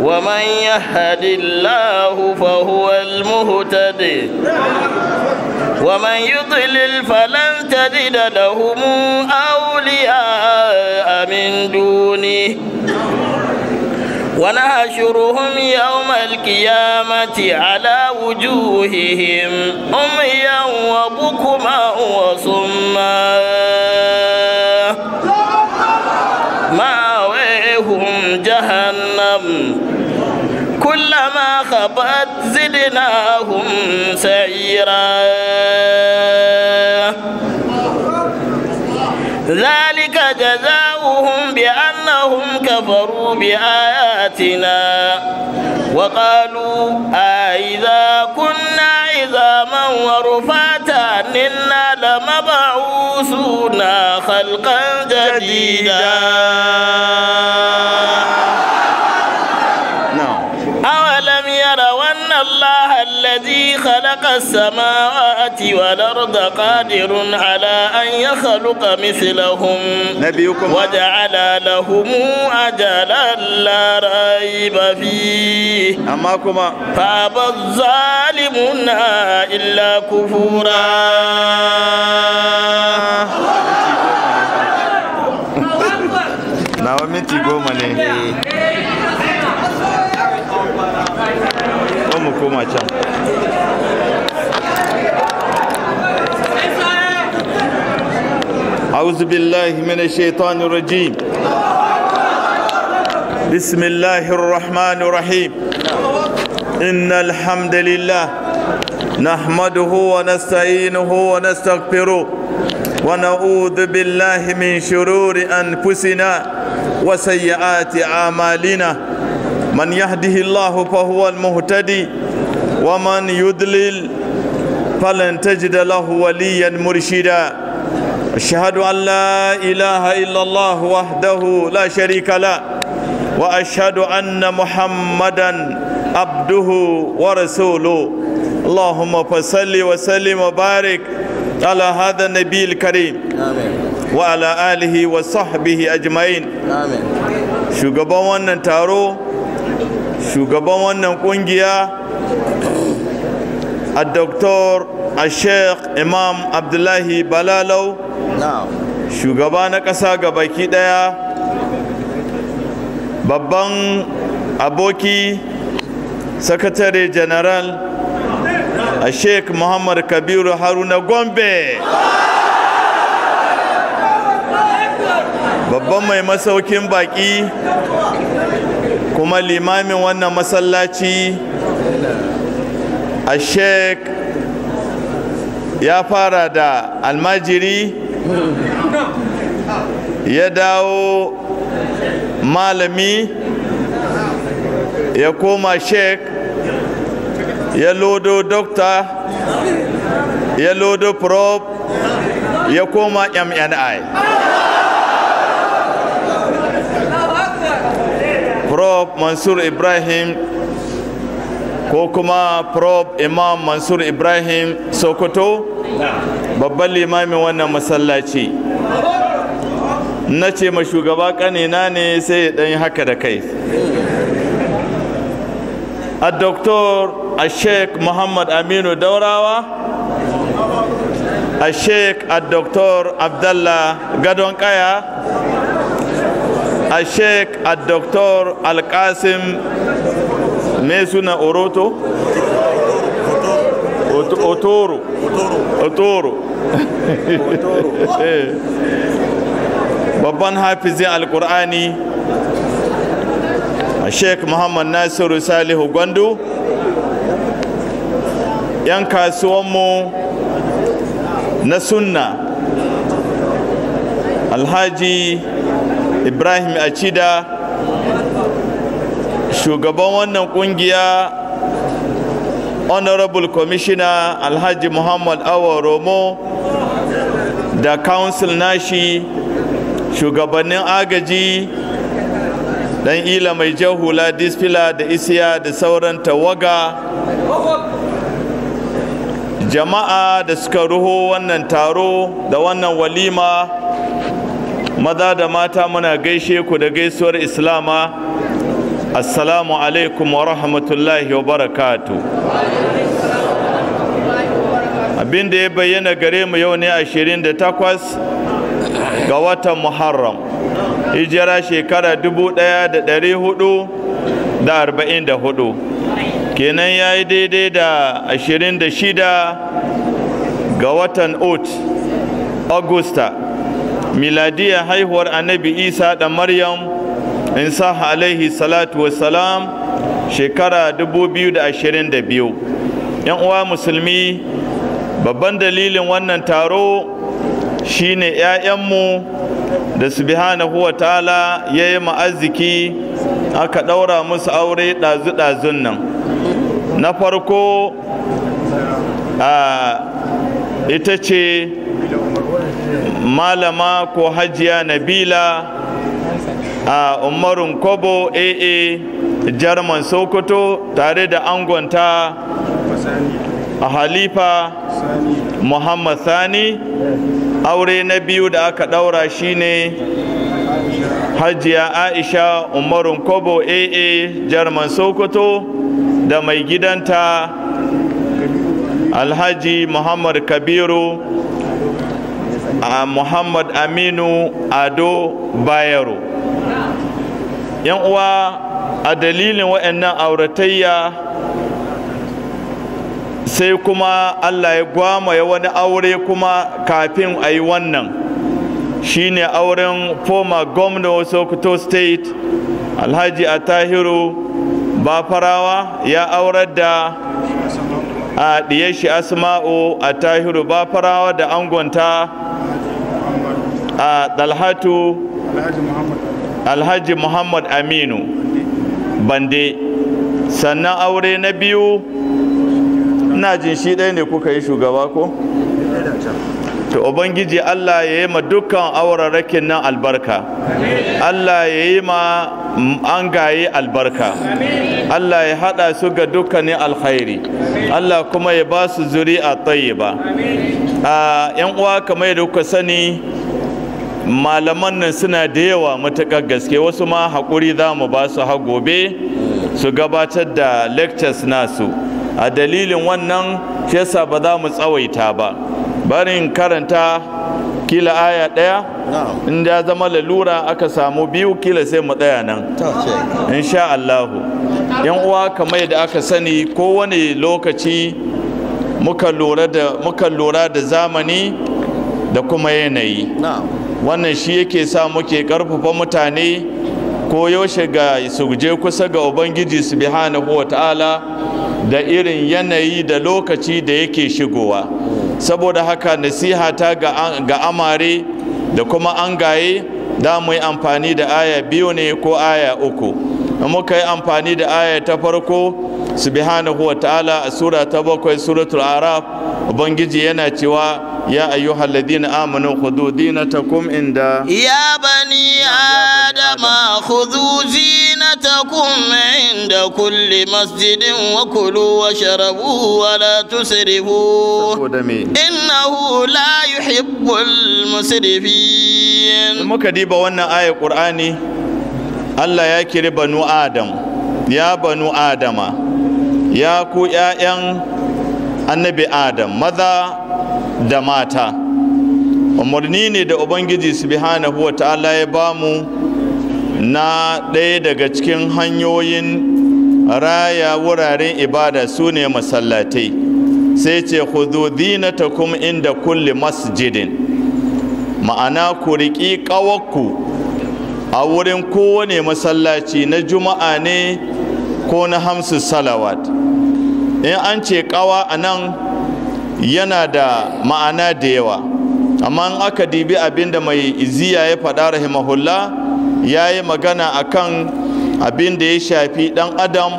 ومن يهد الله فهو المهتدي ومن يضلل فلن تجد لهم أولياء من دونه ونحشرهم يوم القيامة على وجوههم أميا وبكما وصما ماويهم جهنم كلما خبت زدناهم سعيرا ذلك جزاؤهم بأنهم كفروا بآياتنا وقالوا أئذا كنا عظاما ورفاتا إنا لمبعوثون خلقا جديدا السماوات والأرض قادر على أن يخلق مثلهم نبيكم وجعل لهم أجلا لا ريب فيه أماكما فأبى الظالمون إلا كفورا nawa minti goma ne mu koma can أعوذ بالله من الشيطان الرجيم بسم الله الرحمن الرحيم إن الحمد لله نحمده ونستعينه ونستغفره ونعوذ بالله من شرور أنفسنا وسيئات أعمالنا من يهده الله فهو المهتدي ومن يضلل فلن تجد له وليا مرشدا أشهد أن لا إله إلا الله وحده لا شريك له وأشهد أن محمدا عبده ورسوله اللهم فصل وسلم وبارك على هذا النبي الكريم آمين. وعلى آله وصحبه أجمعين آمين shugaban wannan taro shugaban wannan kungiya a doktor الشيخ imam abdullahi balalau shugaba na ƙasa baki ɗaya babban aboki sakatare general a sheik muhammad kabiru haruna gombe babban mai masaukin baki kuma limamin wannan masallaci a sheik ya fara da almajiri ya dawo malami ya koma sheik ya lodo dokta ya lodo prof ya koma mni prof mansur ibrahim ko kuma prof imam mansur ibrahim sokoto babban limamin wannan masallaci na ce ma shugaba kanina ne sai ya ɗan haka da kai a doktor a sheik muhammad aminu daurawa a sheik a doktor abdallah gadon kaya a sheik a doktor alkasim me suna oroto otoro otoro eh. babban hafizin alkur'ani sheikh muhammad nasiru salihu gwandu yan kasuwanmu na sunna alhaji ibrahim acida shugaban wannan kungiya honorable commissioner alhaji muhammad awa romo da council nashi shugabannin agaji dan ila mai jahula disfila da isiya da sauran tawaga jama'a da suka ruho wannan taro da wannan walima maza da mata muna gaishe ku da gaisuwar islama assalamu alaikum wa rahmatullahi wa barakatu abin da ya bayyana gare mu yau ne 28 ga watan muharram hijira shekara dubu 1444 kenan ya yi daidai da 26 ga watan ot augusta miladiyar haihuwar annabi isa da maryam in alaihi salatu wassalam shekara 2022 yan uwa musulmi babban dalilin wannan taro shine 'ya'yanmu da subhanahu wa ta'ala ya yi ma'aziki aka ɗaura musu aure ɗazu-ɗazun nan na farko a ita ce malama ko hajiya nabila a umarun kobo aa jarman sokoto tare da angonta a halifa muhammad sani aure na biyu da aka daura shine hajiya aisha umarun kobo aa jarman sokoto da mai gidanta alhaji muhammad kabiru a muhammad aminu ado bayero yan uwa a dalilin waɗannan auratayya sai kuma Allah ya ya wani aure kuma kafin a yi wannan shine auren former governor Sokoto state alhaji atahiru bafarawa ya aurar da a ɗiye asma'u a tahiru bafarawa da angonta a dalhatu alhaji muhammad aminu bande sannan aure na biyu na jin shi ɗaya ne kuka yi shugaba ko to ubangiji allah ya yi ma dukkan aurarakin nan albarka allah ya yi ma an gaye albarka allah ya haɗa su ga dukkanin alkhairi allah kuma ya ba su zuri a tsaye ba a ah, uwa kamar yadda kuka sani malaman nan suna da yawa matuƙar gaske wasu ma haƙuri za mu ba su gobe su gabatar da lectures nasu a dalilin wannan yasa ba za mu tsawaita ba barin karanta kila aya ɗaya in ya zama lalura aka samu biyu kila sai mu tsaya nan insha Allahu yan uwa kamar da aka sani kowane lokaci muka lura da zamani da kuma yanayi wannan shi yake sa muke ƙarfafa mutane ko yaushe ga suje kusa ga ubangiji subhanahu wa ta'ala da irin yanayi da lokaci da yake shigowa saboda haka nasiha ta ga amare da kuma an gaye da mu yi amfani da aya biyu ne ko aya uku muka yi amfani da aya ta farko subhanahu wa ta'ala a sura ta bakwai suratul araf ubangiji yana cewa ya ayyuhal ladina amanu khudhu zinatakum inda ya bani adama khudhu zinatakum inda kulli masjidin wa kulu wa wa la tusrifu innahu la yuhibbul musrifin muka diba wannan ayar qur'ani Allah ya kiri banu adam ya banu adama ya ku 'ya'yan annabi adam maza da mata umarni ne da ubangiji subhanahu wa ta'ala ya bamu na ɗaya daga cikin hanyoyin raya wuraren ibada su ne masallatai sai ce khudhu kuma inda kulle masjidin ma'ana ku riƙi ƙawarku. a wurin kowane masallaci na juma'a ne ko na hamsu salawat in an ce kawa a nan yana da ma'ana da yawa amma in aka dibi abin da mai iziya ya faɗa rahimahulla ya yi magana a kan abin da ya shafi ɗan adam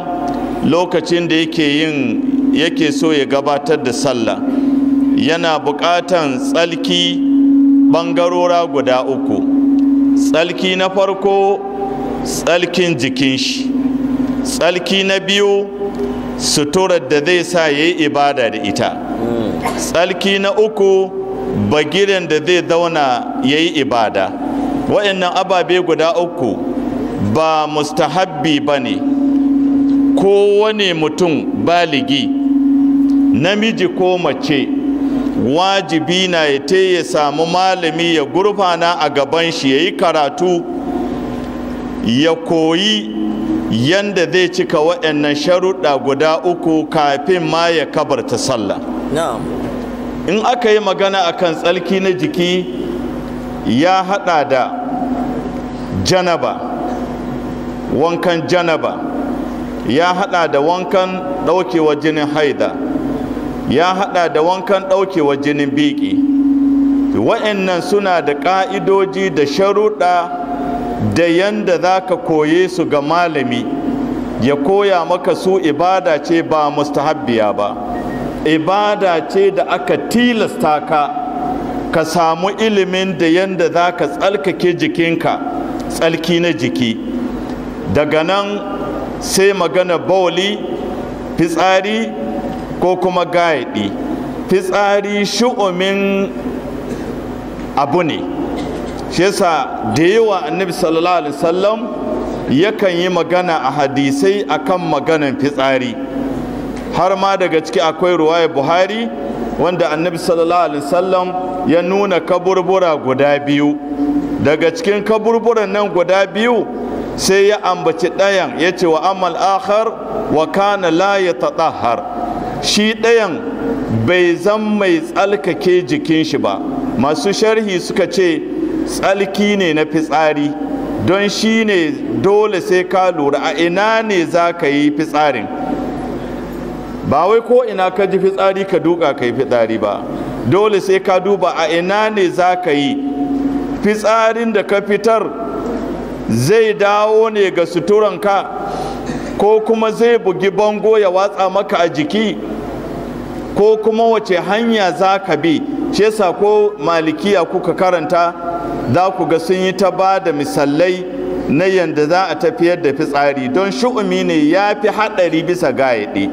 lokacin da yake yin yake so ya gabatar da sallah yana buƙatan tsalki ɓangarora guda uku tsalki na farko tsalkin jikin shi tsalki na biyu suturar da zai sa ya yi ibada da ita tsalki na uku bagiren da zai zauna ya yi ibada wa'annan ababe guda uku ba mustahabbi ba ne kowane mutum baligi namiji ko mace wajibi na ya te ya samu malami ya gurfana a gaban shi ya yi karatu ya koyi yanda zai cika waɗannan sharuɗa guda uku kafin ma ya kabarta sallah in aka yi magana akan tsalki na jiki ya haɗa da janaba wankan janaba ya haɗa da wankan ɗaukewa jinin haida ya haɗa da wankan ɗaukewa jinin biki wa'annan suna da ƙa'idoji da sharuɗa da yanda za ka koye su ga malami ya koya maka su ibada ce ba mustahabbiya ba ibada ce da aka tilasta ka ka samu ilimin da yanda za ka tsalkake jikinka tsalki na jiki daga nan sai magana bauli fitsari ko kuma gayaɗi fitsari shu'umin abu ne shi yasa da yawa annabi sallallahu alaihi wasallam yakan yi magana a hadisai akan maganan fitsari har ma daga ciki akwai ruwaya buhari wanda annabi sallallahu alaihi wasallam ya nuna kaburbura guda biyu daga cikin kaburburan nan guda biyu sai ya ambaci ɗayan ya ce wa amal akhar wa kana la ya taɗahar shi ɗayan bai zan mai tsalkake jikin shi ba masu sharhi suka ce tsalki ne na fitsari don shi ne dole sai ka lura a ina ne za ka yi fitsarin ba wai ko ina ka ji fitsari ka duka ka yi fitsari ba dole sai ka duba a ina ne za ka yi fitsarin da ka fitar zai dawo ne ga suturanka ko kuma zai bugi bango ya watsa maka a jiki ko kuma wace hanya za ka bi shi ko malikiya kuka karanta za ku ga sun yi ta ba da misalai na yadda za a tafiyar da fitsari don shu'umi ne ya fi haɗari bisa gayaɗe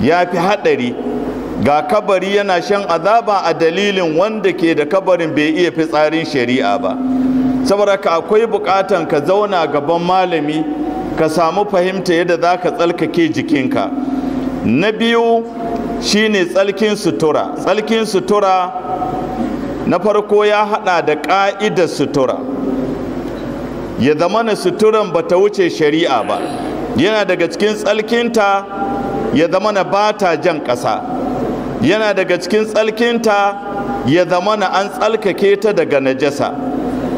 ya fi haɗari ga kabari yana shan azaba a dalilin wanda ke da kabarin bai iya fitsarin shari'a ba saboda ka akwai bukatan ka zauna gaban malami ka samu fahimta yadda za ka tsalkake jikinka na biyu shine tsalkin sutura tsalkin sutura na farko ya hada da ƙa'idar sutura ya zama na suturan ba ta wuce shari'a ba yana daga cikin tsalkinta ya zama na ba ta jan ƙasa yana daga cikin tsalkinta ya zama na an tsalkake ta daga najasa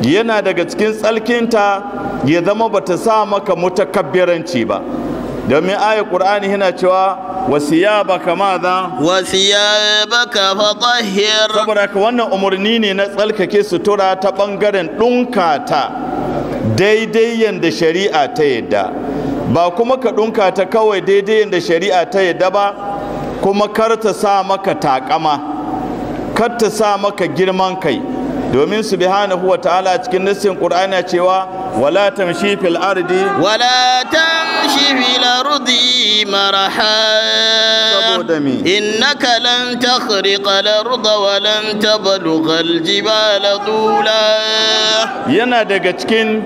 yana daga cikin tsalkinta ya zama ba ta sa maka mutakabbiranci ba domin ayat ƙur'ani yana cewa wasiyabaka madha wasiyabaka fatahhir saboda ka wannan umarni ne na tsalkake sutura ta bangaren dunka ta daidai yanda shari'a ta yadda ba kuma ka dunka ta kawai daidai yanda shari'a ta yadda ba kuma kar ta sa maka takama kar ta sa maka girman kai domin subhanahu wa ta'ala cikin nassin qur'ani cewa wala tamshi fil ardi wala ta وامشي في الأرض مرحا إنك لن تخرق الأرض ولن تبلغ الجبال طولا yana daga cikin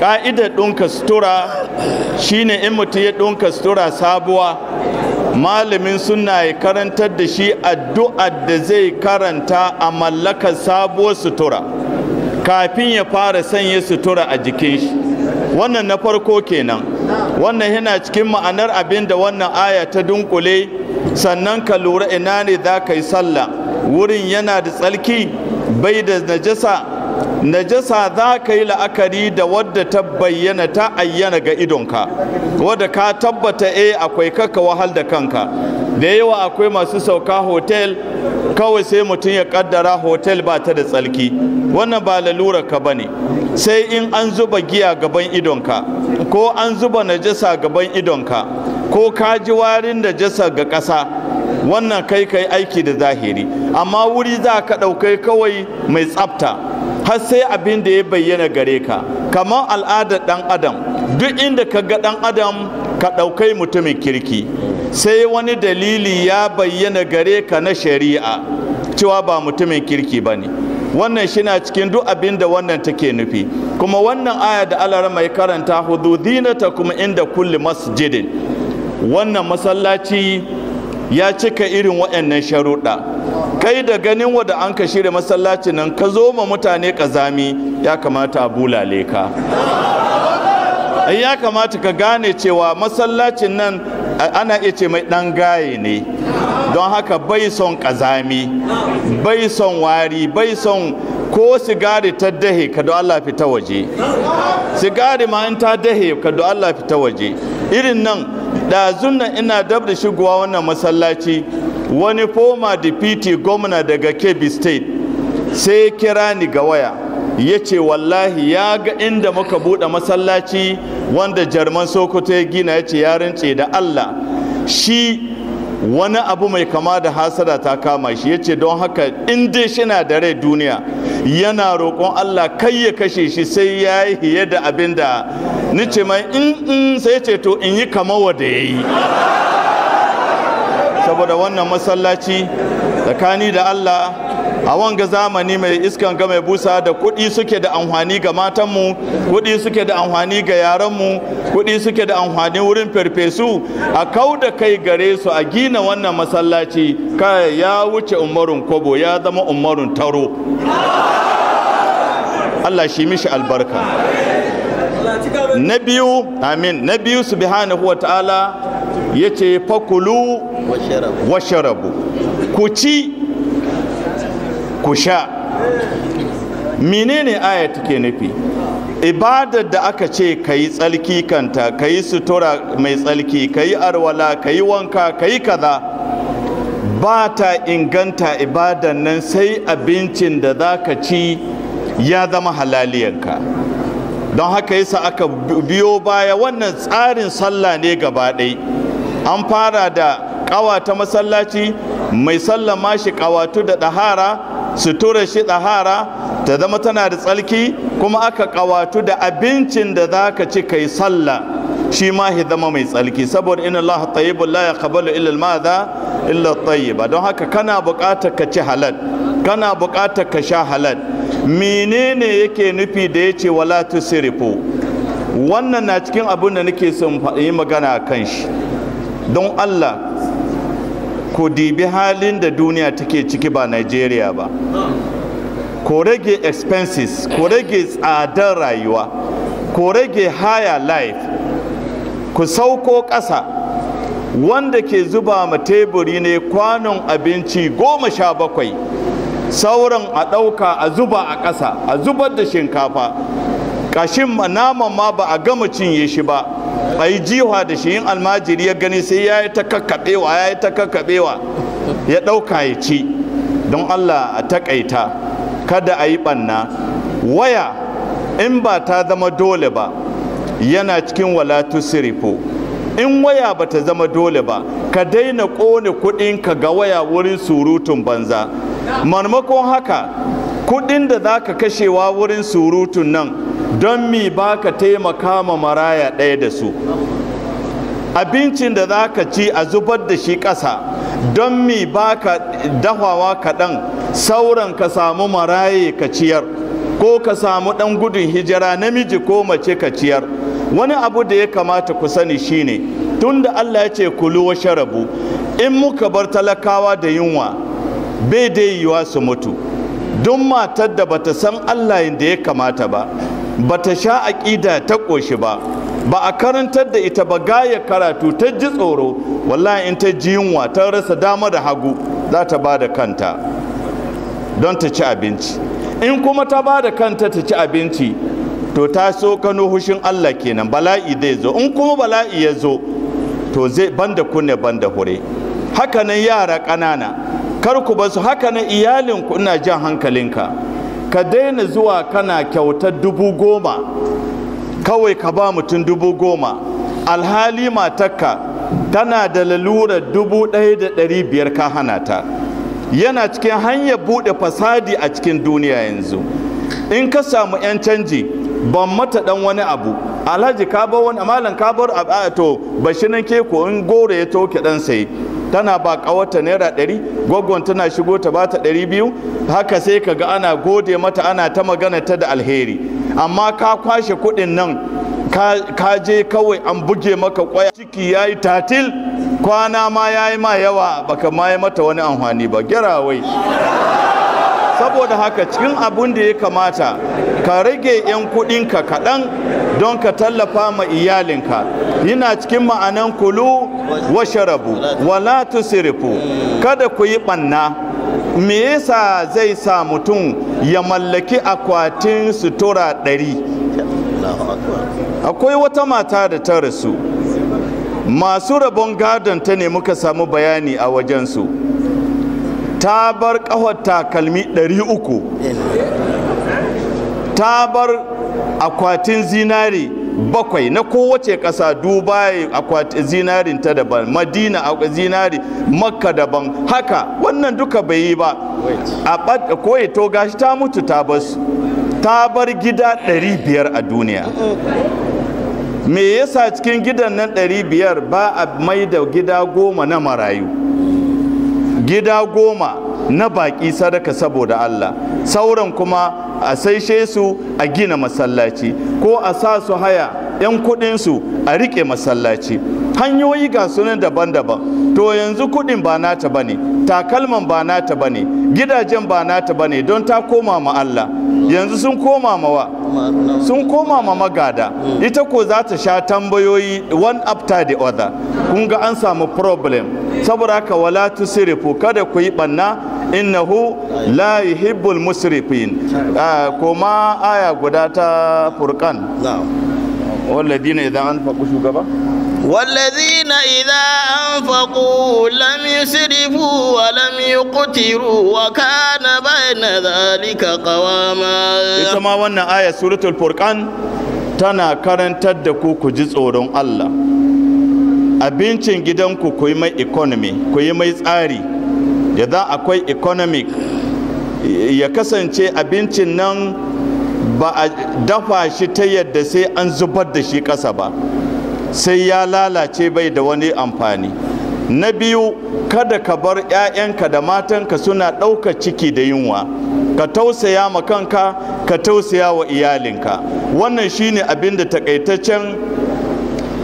ƙa'ida ɗinka sutura shine in mutum ya ɗinka sutura sabuwa malamin suna ya karantar da shi addu'ar da zai karanta a mallakar sabuwar sutura kafin ya fara sanya sutura a jikin shi wannan na farko kenan wannan yana cikin ma'anar abin da wannan aya ta dunkule sannan ka lura ina ne za ka yi sallah wurin yana da tsarki bai da najasa najasa za ka yi la'akari da wadda ta bayyana ta ayyana ga idonka wadda ka tabbata e akwai kaka wahal da kanka da yawa akwai masu sauka hotel kawai sai mutum ya kaddara hotel ba ta da tsarki, wannan ba lalura ka ba ne sai in an zuba giya gaban idonka ko an zuba najasa gaban idonka ko ka ji warin najasa ga ƙasa wannan kai kai aiki da zahiri amma wuri za ka ɗaukai kawai mai tsafta har sai abin da ya bayyana gare ka kamar al'adar ɗan adam duk inda ka ga ɗan adam ka ɗaukai mutumin kirki sai wani dalili ya bayyana gare ka na shari'a cewa ba mutumin kirki ba ne wannan shi na cikin duk abin da wannan take nufi kuma wannan aya da alara mai karanta ta kuma inda kulli masjidin wannan masallaci ya cika irin waɗannan sharuɗa kai da ganin wada an ka shirya masallaci nan ka zo ma mutane kazami ya kamata a bulale ka ya kamata ka gane cewa masallacin nan ana iya ce mai ɗan gaye ne don haka bai son kazami bai son wari bai son ko sigari ta dahe ka don Allah fita waje sigari ma in ta dahe ka don Allah fita waje irin nan ɗazun nan ina dab da shigowa wannan masallaci wani former deputy gwamna daga kebbi state sai ya kira ni ga waya ya ce wallahi ya ga inda muka buɗe masallaci wanda jarman sokoto ya gina ya ce ya rintse da allah shi wani abu mai kama da hasada ta kama shi ya ce don haka inda shi na da rai duniya yana roƙon Allah kai ya kashe shi sai ya yi hiye da abin da ni ce mai in sai ce to in yi kama wa da ya yi saboda wannan masallaci tsakani da Allah a wanga zamani mai iskan ga mai busa da kuɗi suke da amfani ga matanmu kuɗi suke da amfani ga yaranmu kuɗi suke da amfani wurin farfesu a kau da kai gare su a gina wannan masallaci kai ya wuce umarun kobo ya zama umarun taro Allah shi mishi albarka na biyu amin na biyu subhanahu wa ta'ala ya ce fakulu washarabu ku ci ku sha menene aya take nufi ibadar da aka ce ka yi tsalki kanta ka yi sutura mai tsalki ka yi arwala ka yi wanka ka yi kaza ba ta inganta ibadan nan sai abincin da za ka ci ya zama halaliyanka don haka yasa aka biyo baya wannan tsarin sallah ne gaba ɗaya an fara da ƙawata masallaci mai sallama shi ƙawatu da ɗahara su tura shi ɗahara ta zama tana da tsalki kuma aka ƙawatu da abincin da za ka ci kai salla shi ma shi zama mai tsalki saboda ina Allah tayyibun la yaqbalu illa al-madha illa tayyiba don haka kana buƙatar ka ci halal kana buƙatar ka sha halal menene yake nufi da yace wala tusrifu wannan na cikin abin da nake son yi magana kan shi don allah ku dibi halin da duniya take ciki ba nigeria ba ko rage expenses ko rage tsadar rayuwa ko rage higher life ku sauko ƙasa wanda ke zuba ma teburi ne kwanon abinci goma sha bakwai sauran a ɗauka a zuba a ƙasa a zubar da shinkafa kashin naman ma ba a gama cinye shi ba a yi jiwa da shi yin almajiri ya gani sai ya yi ta kakkaɓewa ya yi ta kakkaɓewa ya ɗauka ya ci don allah a taƙaita kada a yi ɓanna waya in ba ta zama dole ba yana cikin walatu sirifo in waya ba ta zama dole ba ka daina ƙone kuɗinka ga waya wurin surutun banza manmakon haka kuɗin da za ka kashewa wurin surutun nan don mi ba ka taimaka ma maraya ɗaya da su abincin da za ka ci a zubar da shi ƙasa don mi ba ka dahawa kaɗan sauran ka samu maraye ka ciyar ko ka samu ɗan gudun hijira namiji ko mace ka ciyar wani abu da ya kamata ku sani shine da Allah ya ce kulu wa sharabu in muka bar talakawa da yunwa bai dai yi su mutu don matar da bata san Allah da ya kamata ba ba ta sha aƙida ta ƙoshi ba ba a karantar da ita ba gaya karatu ta ji tsoro wallahi in ta ji yunwa ta rasa dama da hagu za ta ba da kanta don ta ci abinci in kuma ta ba da kanta ta ci abinci to ta so kano hushin Allah kenan bala'i zai zo in kuma bala'i ya zo to zai banda kunne banda hure hakanan yara ƙanana kar ku basu hakanan iyalinku ina jan hankalinka ka daina zuwa kana kyauta dubu goma kawai ka ba mutum dubu goma alhali matakka tana da lalura dubu ɗaya da ɗari biyar ka hana ta yana cikin hanyar buɗe fasadi a cikin duniya yanzu in ka samu 'yan canji ban mata ɗan wani abu alhaji ka bar wani malam ka bar to bashinan nan ke ko in goro ya toke ɗan sai tana ba wata naira ɗari gwaggon tana shigo ta bata ɗari biyu haka sai ka ga ana gode mata ana ta magana ta da alheri amma ka kwashe kuɗin nan ka je kawai an buge maka kwaya ciki ya yi tatil kwana ma ya yi ma yawa baka ma yi mata wani amfani ba wai. saboda haka cikin abun da ya kamata ka rage 'yan kudinka kaɗan don ka tallafa ma iyalinka yana cikin ma'anan kulu wa sharabu wala tusirifu kada ku yi ɓanna me yasa zai sa mutum ya mallaki akwatin sutura ɗari akwai wata mata da ta rasu masu rabon gadon ta ne muka samu bayani a wajensu ta bar kawar takalmi 300 ta bar akwatin zinari bakwai na kowace ƙasa dubai akwatin zinarin ta daban madina zinari makka daban haka wannan duka bai yi ba a koyi to gashi ta mutu ta basu ta bar gida 500 a duniya me yasa cikin gidan nan 500 ba a maida gida goma na marayu gida goma na baƙi sadaka saboda Allah sauran kuma a saishe su a gina masallaci ko a sa su haya 'yan kuɗinsu a riƙe masallaci hanyoyi ga sunan daban-daban to yanzu kuɗin ba nata ba ne takalman ba nata ba ne gidajen ba nata ba ne don ta koma ma Allah yanzu sun koma ma wa sun koma ma magada ita ko za ta sha tambayoyi one after the other kun ga an samu problem saboda haka wala tusrifu kada ku yi banna innahu la yuhibbul musrifin kuma aya guda ta furqan والذين إذا أنفقوا شكبا والذين إذا أنفقوا لم يسرفوا ولم يقتروا وكان بين ذلك قواما إتما وانا آية سورة الفرقان تنا كرن تدكو كجزء الله abincin gidanku ku yi mai economy ku yi mai tsari da za akwai economic ya kasance abincin nan ba a dafa shi ta yadda sai an zubar da shi ƙasa ba sai ya lalace bai da wani amfani na biyu kada ka bar 'ya'yanka da matanka suna ɗauka ciki da yunwa ka tausaya ma kanka ka tausaya wa iyalinka wannan shine abin da takaitaccen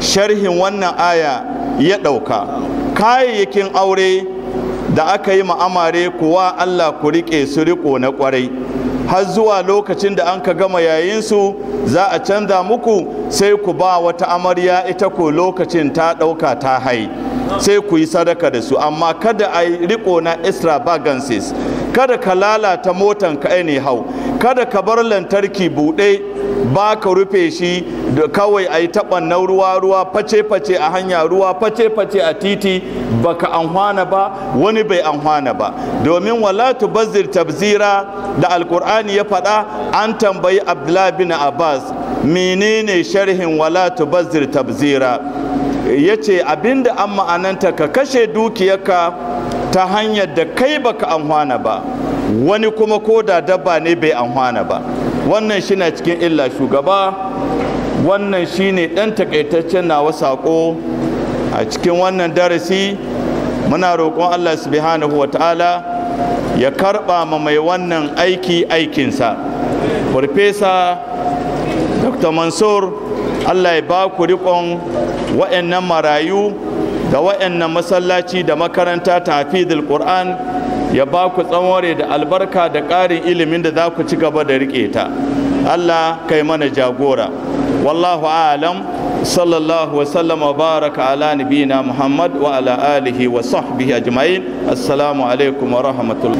sharhin wannan aya ya ɗauka kayayyakin aure da aka yi ma'amare kuwa Allah ku riƙe su riƙo na ƙwarai har zuwa lokacin da an ka gama yayinsu za a canza muku sai ku ba wata amarya ita ko lokacin ta ɗauka ta hai sai ku yi sadaka da su amma kada a yi riƙo na extravagances kada ka lalata motan ka ne hau kada ka bar lantarki buɗe ba ka rufe shi da kawai a yi na ruwa ruwa face-face a hanya ruwa face-face a titi baka anhwana ba wani bai anhwana ba domin wala bazir tabzira da alkur'ani ya faɗa an tambayi abdullahi bin abbas menene sharhin wala bazir tabzira ya ce abinda an ma'ananta ka kashe dukiyarka ta hanyar da kai baka anhwana ba wani kuma ko da dabba ne bai amfana ba wannan shi na cikin illa shugaba wannan shi ne ɗan takaitaccen nawa saƙo a cikin wannan darasi muna roƙon allah subhanahu wa ta'ala ya karɓa ma mai wannan aiki aikinsa farfesa dr mansur allah ya ba ku riƙon wa'annan marayu da wa'annan masallaci da makaranta tafidul qur'an ya ba ku tsanware da albarka da ƙarin ilimin da za ku ci gaba da riƙe ta Allah kai mana jagora wallahu alam sallallahu wa baraka ala nabiyina muhammad wa ala alihi wa sahbihi ajma'in assalamu alaikum wa rahmatullahi